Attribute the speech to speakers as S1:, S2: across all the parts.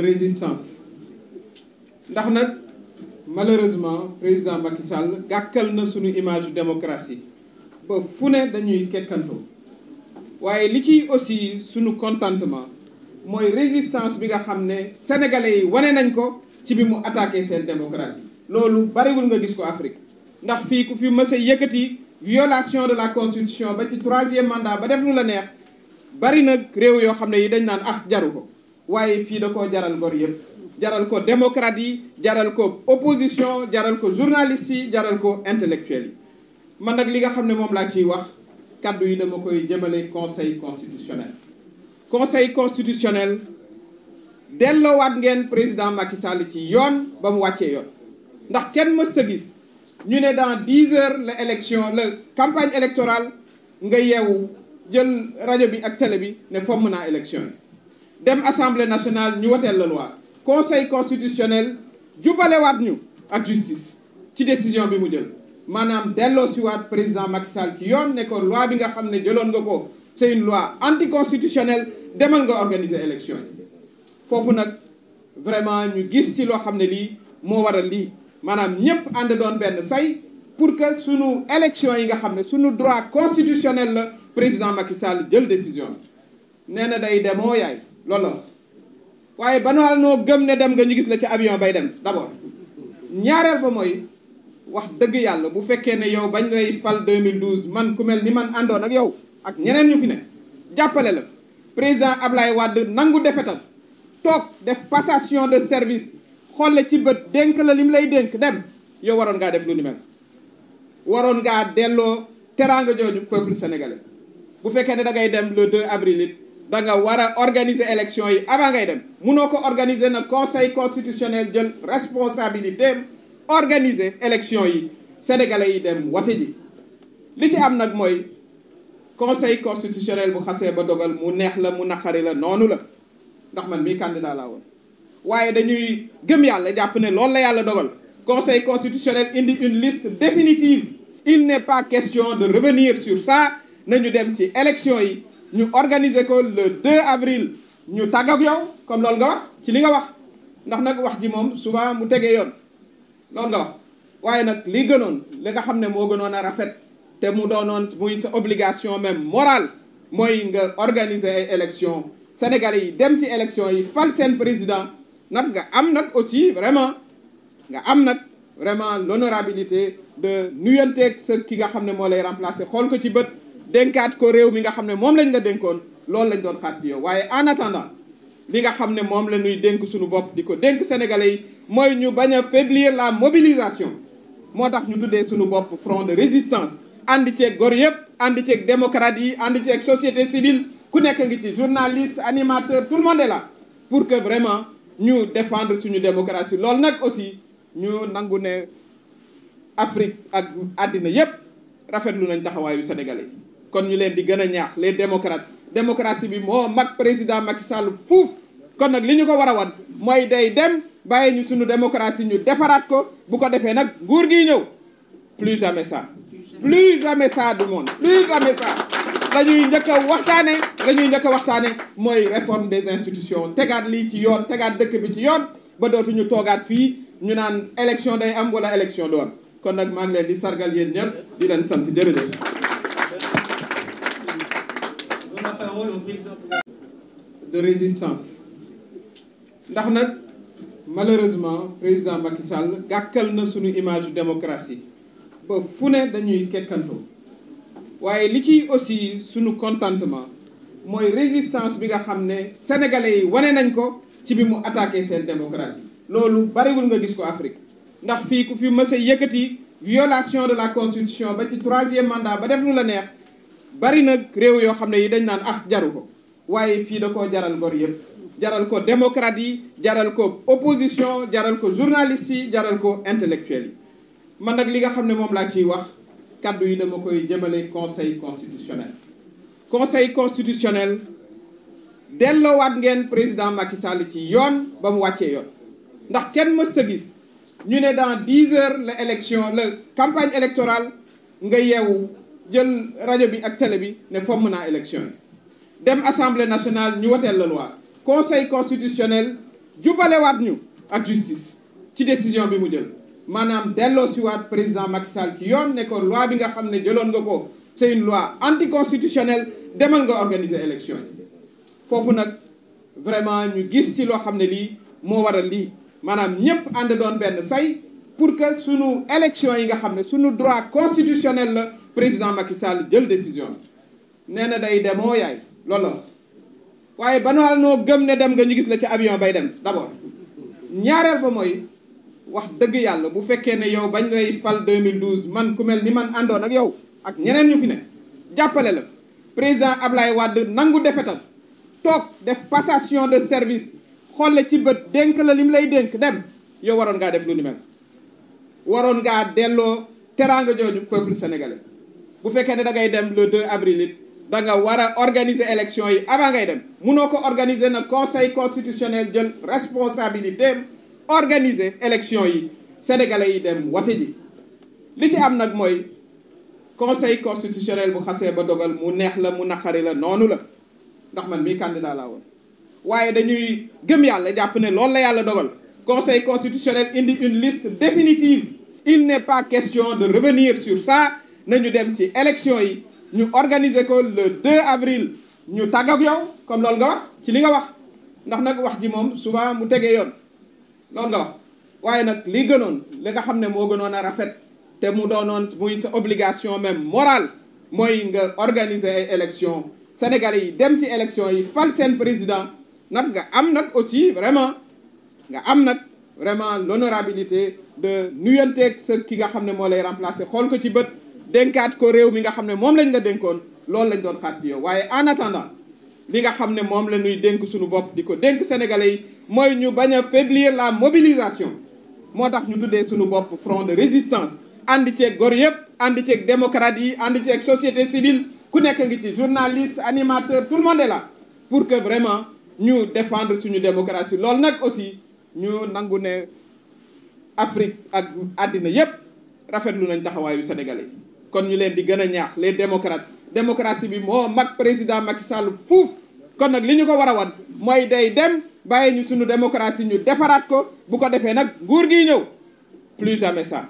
S1: résistance ndax nag malheureusement président Macky Sall gàkkal na suñu image démocratie ba fu ne dañuy kekkantoo waaye li ciy aussi suñu contentement mooy résistance bi nga xam ne sénégalais yi wane nañ ko ci bi mu attaqué seen démocratie loolu bariwul nga gis ko Afrique ndax fii ku fi mës a yëkkati violation de la constitution ba ci troisième mandat ba def lu la neex bari nag réew yoo xam ne yi dañ naan ah jaru ko waaye fii da koo jaral ngor yëpp jaral ko démocrate yi jaral ko opposition jaral ko journaliste yi jaral ko intellectuel yi man nag li nga xam ne moom laa ciy wax kàddu yi dama koy jëmale conseil constitutionnel conseil constitutionnel delloowaat ngeen président Macky Sall ci yoon ba mu wàccee yoon ndax kenn mës a ñu ne dans dix heures la élection la campagne électorale nga yeewu jël rajo bi ak télé bi ne fomm naa élection yi dem assemblée nationale ñu woteel la loi conseil constitutionnel jubalewaat ñu ak justice ci décision bi mu jël maanaam delloo siwaat président Macky Sall ci yoon ne ko loi bi nga xam ne jëloon nga ko c'est une loi anticonstitutionnelle demal nga organiser élection yi foofu nag vraiment ñu gis ci loo xam ne lii moo waral lii maanaam ñëpp ànd doon benn say pour que suñu élection yi nga xam ne sunu droit constitutionnel la président Macky Sall jël décision nee na day demoo loolu la waaye banaal noo gëm ne dem nga ñu gis la ci avion bay dem d'abord ñaareel ba mooy wax dëgg yàlla bu fekkee ne yow bañ lay fal 2012 man ku mel ni man àndoon ak yow ak ñeneen ñu fi ne jàppale la président Ablaye wadd nangu defetal toog def passation de service xolle ci bët dénk la lim lay dénk dem yow waroon ngaa def lu ni mel waroon ngaa delloo teraanga jooju peuple sénégalais bu fekkee ne da ngay dem le 2 avril it da nga war a organiser élection yi avant ngay dem munoo ko organiser na conseil constitutionnel jël responsabilité organiser élection yi sénégalais yi dem wate ji li ci am nag mooy conseil constitutionnel bu xasee ba dogal mu neex la mu naqari la noonu la ndax man mii candidat laa woon waaye dañuy gëm yàlla jàpp ne loolu la yàlla dogal conseil constitutionnel indi une liste définitive il ne pas question de revenir sur ça nañu dem ci élection yi ñu organiser ko le avril ñu tàgg yow comme loolu nga wax ci li nga wax ndax nag wax ji moom souvent mu tegee yoon loolu nga wax waaye nag li gënoon li nga xam ne moo gënoon a rafet te mu doonoon muy sa obligation même morale mooy nga organiser ay élection sénégalais yi dem ci élection yi fal seen président nag nga am nag aussi vraiment nga am nag vraiment l'honorabilité de nuyanteeg sa ki nga xam ne moo lay remplacer xool ko ci bët dénkaat ko réew mi nga xam ne moom lañu nga dénkoon loolu lañ doon xaat bi yow waaye en attendant li nga xam ne moom la ñuy dénk suñu bopp di ko dénk sénégalais yi mooy ñu bañ a la mobilisation moo tax ñu tuddee suñu bopp front de résistance ànd ceeg gor yëpp ànd ceeg démocrate yi ànd ceeg société civile ku nekk ngi ci journaliste animateur tout le monde la pour que vraiment ñu défendre suñu démocratie loolu nag aussi ñu nangu ne Afrique ak àddina yëpp rafetlu nañ taxawaayu sénégalais yi kon ñu leen di gën a ñaax les démocrate démocratie bi moo mag président Macky Sall fuuf kon nag li ñu ko war a wan mooy day dem bàyyi ñu suñu démocratie ñu defaraat ko bu ko defee nag nguur gi ñëw plus jamais ça plus jamais ça du monde plus jamais ça la njëkk a waxtaane la ñuy njëkk a waxtaane mooy réforme des institutions tegaat lii ci yoon tegaat dëkk bi ci yoon ba dootuñu toogaat fii ñu naan élection day am wala élection du am kon nag maa ngi leen di sargal yéen ñëpp di leen sant jërëjëf parole au de résistance ndax nag malheureusement président Macky Sall gàkkal na suñu image démocratie ba fu ne dañuy kekkantoo waaye li ciy aussi suñu contentement mooy résistance bi nga xam ne sénégalais yi wane nañ ko ci bi mu attaqué seen démocratie loolu bariwul nga gis ko Afrique ndax fii ku fi mës a yëkkati violation de la constitution ba ci troisième mandat ba def lu la neex bari nag réew yoo xam ne yi dañ naan ah jaru ko waaye fii da koo jaral ngor yëpp jaral ko démocrate yi jaral ko opposition jaral ko journaliste yi jaral ko intellectuel yi man nag li nga xam ne moom laa ciy wax kàddu yi dama koy jëmale conseil constitutionnel conseil constitutionnel delloowaat ngeen président Macky Sall ci yoon ba mu wàccee yoon ndax kenn mës a gis ñu ne dans dix heures la élection la campagne électorale nga yeewu jël rajo bi ak télé bi ne fomm naa élection yi dem assemblée nationale ñu woteel la loi conseil constitutionnel jubalewaat ñu ak justice ci décision bi mu jël maanaam delloo waat président Macky Sall ci yoon ne ko loi bi nga xam ne jëloon nga ko c'est une loi anticonstitutionnelle demal nga organiser élection yi foofu nag vraiment ñu gis ci loo xam ne lii moo waral lii maanaam ñëpp ànd doon benn say pour que suñu élection yi nga xam ne sunu droit constitutionnel la président Macky Sall jël décision nee na day demoo yaay lool la waaye banaal noo gëm ne dem nga ñu gis la ci avion bay dem d'abord ñaareel ba mooy wax dëgg yàlla bu fekkee ne yow bañ lay fal 2012 man ku mel ni man àndoon ak yow ak ñeneen ñu fi ne jàppale la président Ablaye Wade nangu defetal toog def passation de service xolle ci bët dénk la lim lay dénk dem yow waroon ngaa def lu ni mel waroon ngaa delloo teraanga jooju peuple sénégalais bu fekkee ne da ngay dem le 2 avril it da nga war a organiser élection yi avant ngay dem munoo ko organiser na conseil constitutionnel jël responsabilité organiser élection yi sénégalais yi dem wate ji li ci am nag mooy conseil constitutionnel bu xasee ba dogal mu neex la mu naqari la noonu la ndax man mii candidat laa woon waaye dañuy gëm yàlla jàpp ne loolu la yàlla dogal conseil constitutionnel indi une liste définitive il n'est pas question de revenir nañu dem ci élection yi ñu organiser ko le avril ñu tàgg yow comme loolu nga wax ci li nga wax ndax nag wax ji moom souvent mu tegee yoon loolu nga wax waaye nag li gënoon li nga xam ne moo gënoon a rafet te mu doonoon muy sa obligation même morale mooy nga organiser ay élection sénégalais yi dem ci élection yi fal seen président nag nga am nag aussi vraiment nga am nag vraiment l'honorabilité de nuyanteeg sa ki nga xam ne moo lay remplacer xool ko ci bët dénkaat ko réew mi nga xam ne moom lañ la dénkoon loolu lañ doon xaat ci waaye en attendant li nga xam ne moom la ñuy dénk suñu bopp di ko dénk sénégalais yi mooy ñu bañ a faiblir la mobilisation moo tax ñu tuddee suñu bopp front de résistance ànd ceeg gor yëpp ànd ceeg démocrate yi ànd ceeg société civile ku nekk ngi ci journaliste animateur tout le monde est pour que vraiment ñu défendre suñu démocratie loolu nag aussi ñu nangu ne Afrique ak àddina yëpp rafetlu nañ taxawaayu sénégalais yi kon ñu leen di gën a ñaax les démocrate démocratie bi moo mag président Macky Sall fuuf kon nag li ñu ko war a wan mooy day dem bàyyi ñu suñu démocratie ñu defaraat ko bu ko defee nag nguur gi ñëw plus jamais ça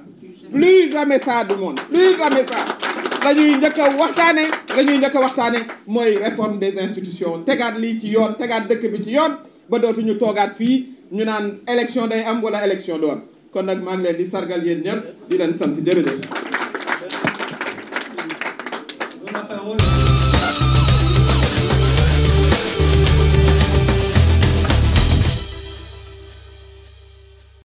S1: plus jamais ça du monde plus jamais ça la njëkk a waxtaane la ñuy njëkk a waxtaane mooy réforme des institutions tegaat lii ci yoon tegaat dëkk bi ci yoon ba dootuñu toogaat fii ñu naan élection day am wala élection du am kon nag maa ngi leen di sargal yéen ñëpp di leen sant jërëjëf